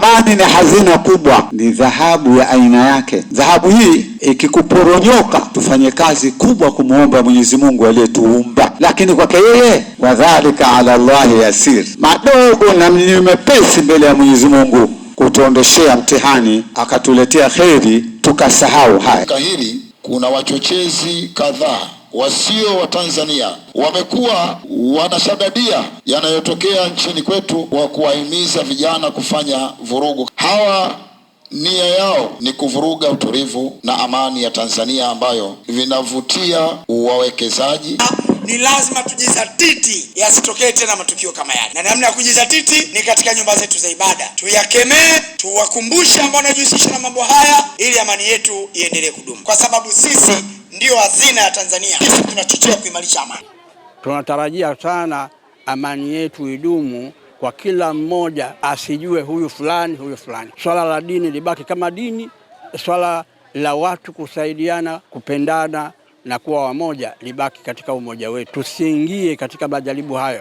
Thamani ni hazina kubwa, ni dhahabu ya aina yake. Dhahabu hii ikikuporonyoka, tufanye kazi kubwa kumwomba Mwenyezi Mungu aliyetuumba, lakini kwake yeye, wadhalika ala llahi yasir, madogo na ni mepesi mbele ya Mwenyezi Mungu kutuondoshea mtihani, akatuletea kheri tukasahau haya. kuna wachochezi kadhaa wasio wa Tanzania wamekuwa wanashadadia yanayotokea nchini kwetu kwa kuwahimiza vijana kufanya vurugu. Hawa nia yao ni kuvuruga utulivu na amani ya Tanzania ambayo vinavutia wawekezaji. Ah, ni lazima tujizatiti yasitokee tena matukio kama yale, na namna ya kujizatiti ni katika nyumba zetu za ibada, tuyakemee, tuwakumbushe ambao wanajihusisha na mambo haya, ili amani yetu iendelee kudumu, kwa sababu sisi ndiyo hazina ya Tanzania. Sisi tunachochea kuimarisha amani. Tunatarajia sana amani yetu idumu kwa kila mmoja asijue huyu fulani huyu fulani. Swala la dini libaki kama dini, swala la watu kusaidiana, kupendana na kuwa wamoja libaki katika umoja wetu, tusiingie katika majaribu hayo.